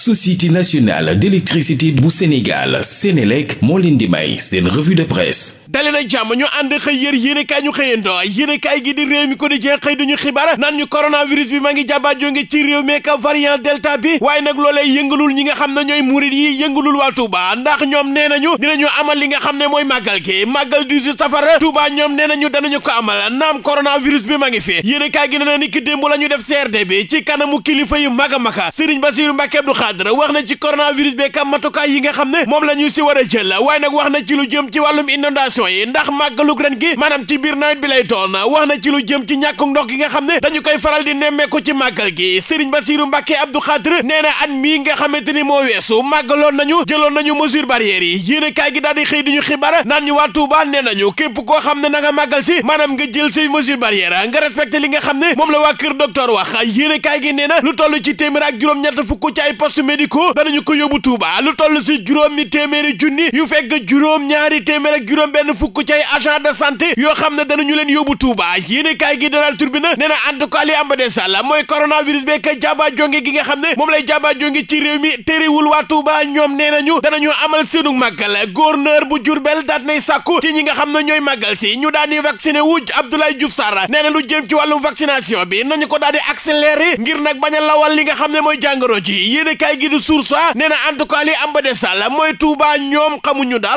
société nationale d'électricité bu Sénégal Sénélec moo leen di may seen revue de presse dali na jàmm ñu ànd xëy yër yéenekaay ñu xëyando yéenekaay gi di réew ko di jeex xëy duñu xibaar naan ñu coronavirus bi ma ngi jàbaa jónge ci réew mi ak variant delta bi waaye nag loolee yëngalul ñi nga xam ne ñooy murit yi yëngalul waa Touba ndax ñoom nee nañu dinañu amal li nga xam ne mooy màggal gi màggal du si safara Touba ñoom nee nañu danañu ma gi nee na ni ki la ñu def CRD bi ci yu mag a maka Serigne Bassirou Mbacké Khadre wax na ci coronavirus bi kam matukaay yi nga xam ne moom la ñu si war a jël waaye nag wax na ci lu jëm ci wàllum inondation yi ndax màggalug ren gi maanaam ci biir nawet bi lay na wax na ci lu jëm ci ñàkku ndox gi nga xam ne dañu koy faral di nemmeeku ci màggal gi Serigne Bassirou Mbacké Abdou Khadre nee na at mii nga xam xamante ni moo weesu màggaloon nañu jëloon nañu mesure barrière yi yéene kaay gi daal di xëy di ñu xibaar naan ñu waa Touba nee nañu képp koo xam ne na nga si maanaam nga jël say mesure barrière nga respecté li nga xam ne moom la waa kër docteur wax yéene kaay gi nee na lu toll ci téeméer ak juróom fukk ci ay poste postes médicaux danañu ko yóbbu Touba lu toll si juróomi téeméeri junni yu fekk juróom ñaari téeméer ak juróom benn fukk cay agent de santé yoo xam ne dana ñu leen yóbbu Touba yéene kaay gi dalal turbine nee na en tout cas li am ba des la mooy coronavirus beeg jaaba jonge gi nga xam ne moom lay jaaba jonge ci réew mi terewul waa Touba ñoom nee nañu danañu amal seenu màggal gouverneur bu Jurbel daat nay sàkku ci ñi nga xam ne ñooy màggal si ñu daan di vacciné wu Abdoulaye Diouf Sarr nee na lu jëm ci wàllum vaccination bi nañu ko daal di accéléré ngir nag bañ lawal li nga xam ne mooy jàngoro ji kaay gi du source nee na en tout cas li am ba des daal mooy Touba ñoom xamuñu na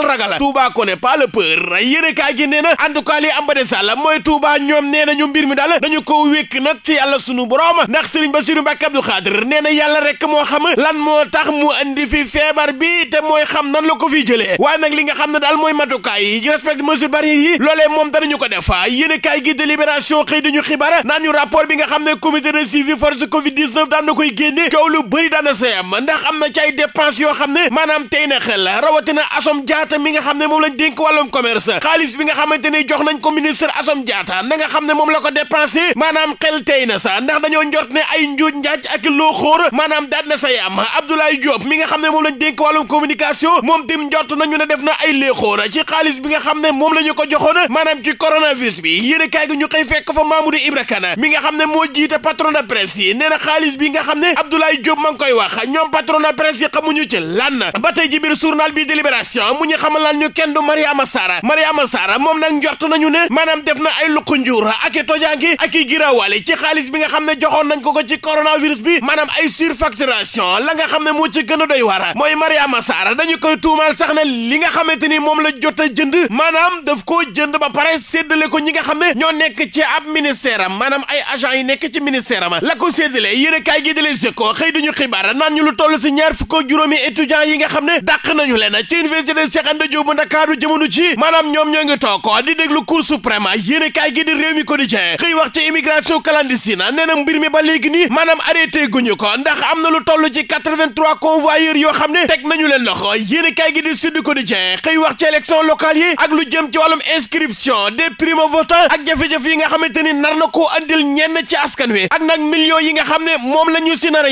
en tout cas li am ba des daal mooy Touba ñoom nee na ñu mbir mi daal dañu ko wékk nag ci yàlla sunu borom ndax Serigne Bassirou Mbacké Abdou Khadre nee moo xam lan moo tax mu andi fi feebar bi te mooy xam nan la ko fi jëlee waaye nag li nga xam ne daal mooy ma yi respecte mesure barrière yi loolee moom danañu ko def ah yéen kaay gi délibération xëy dañu xibaar naan ñu rapport bi nga xam ne comité de suivi force Covid 19 daan na koy génne coow lu bëri daan na jàmm ndax am na ci ay dépense yoo xam ne maanaam tey na xel rawatina Assome Diatta mi nga xam ne moom lañ dénk wàllum commerce xaalis bi nga xamante ni jox nañ ko ministre Assome Diatta nga xam ne moom la ko dépensé maanaam xel tey na sa ndax dañoo njort ne ay njuuj njaaj ak loo xóor maanaam daat na sa yam Abdoulaye Diop mi nga xam ne moom lañ denk wàllum communication moom tim njort nañu ne def na ay loo xóor ci xaalis bi nga xam ne moom la ñu ko joxoon maanaam ci coronavirus bi yéene kaay ñu xëy fekk fa Mamoudou Ibra Kane mi nga xam ne moo jiite patron de presse yi nee xaalis bi nga xam ne Abdoulaye Diop ma ngi koy wax ñoom patronat presse yi xamuñu ci lan ba tey ji biir journal bi délibération mu ñu xam lan ñu kenn du Mariama Sarr Mariama Sarr moom nag njort nañu ne maanaam def na ay luqu njuur ak i tojaangi ak i giraawaale ci xaalis bi nga xam ne joxoon nañ ko ko ci coronavirus bi maanaam ay surfacturation la nga xam ne moo ci gën a doy waar mooy Mariama Sarr dañu koy tuumaal sax ne li nga xamante ni moom la jot a jënd maanaam def ko jënd ba pare séddale ko ñi nga xam ne ñoo nekk ci am maanaam ay agent yi nekk ci ministère am la ko séddale yéen a kaay gi di xëy duñu xibaar naan lu toll si ñaar fukk ak juróomi étudiants yi nga xam ne dàq nañu leen ci université Cheikh Anta Diop bu Ndakaaru jëmonu ci maanaam ñoom ñoo ngi toog di déglu Cour suprême yéen kaay gi di réew mi quotidien xëy wax ci immigration clandestine nee na mbir mi ba léegi nii maanaam arrêté guñu ko ndax am na lu toll ci 83 convoyeurs yoo xam ne teg nañu leen loxo yéen kaay gi di Sud Quotidien xëy wax ci élection locale yi ak lu jëm ci wàllum inscription des primo ak jafe-jafe yi nga xamante ni nar na koo andil ñenn ci askan wi ak nag millions yi nga xam ne moom la ñu si nar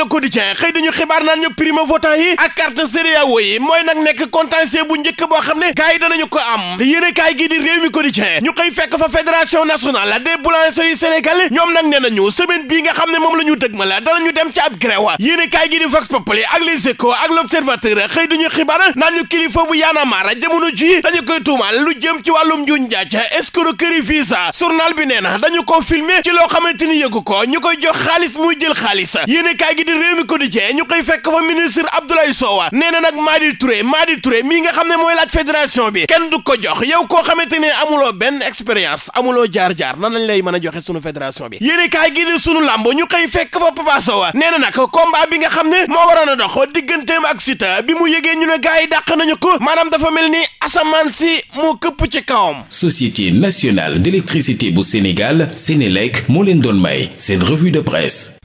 le quotidien xëy dañu xibaar naan ñu primo votant yi ak carte CEDEAO yi mooy nag nekk contentieux bu njëkk boo xam ne gars yi danañu ko am te yéen a kaay gii di réew mi quotidien ñu koy fekk fa fédération nationale des boulangers yu Sénégal ñoom nag nee nañu semaine bii nga xam ne moom la ñu dëg ma la danañu dem ci ab grève yéen a kaay gii di vox populi ak les échos ak l'observateur xëy dañu xibaar naan ñu kilifa bu yaanamaara jamono ji dañu koy tuumal lu jëm ci wàllum njuñ njaaj escroquerie visa journal bi nee na dañu ko filmer ci loo xamante ni yëgu ko ñu koy jox xaalis muy jël xaalis yéen a kaay gi di réew ñu koy fekk fa ministre Abdoulaye Sow nee na nag Madi Touré Madi Touré mii nga xam ne mooy laaj fédération bi kenn du ko jox yow koo xamante ne amuloo benn expérience amuloo jaar-jaar nan lañ lay mën a joxe sunu fédération bi yéen kaay gi di sunu làmb ñu koy fekk fa Papa Sow nee na nag combat bi nga xam ne moo waroon a dox digganteem ak Siteu bi mu yëgee ñu ne gars yi dàq nañu ko maanaam dafa mel ni asamaan si moo këpp ci kawam. Société nationale d'électricité bu Sénégal Sénélec moo leen doon may seen revue de presse.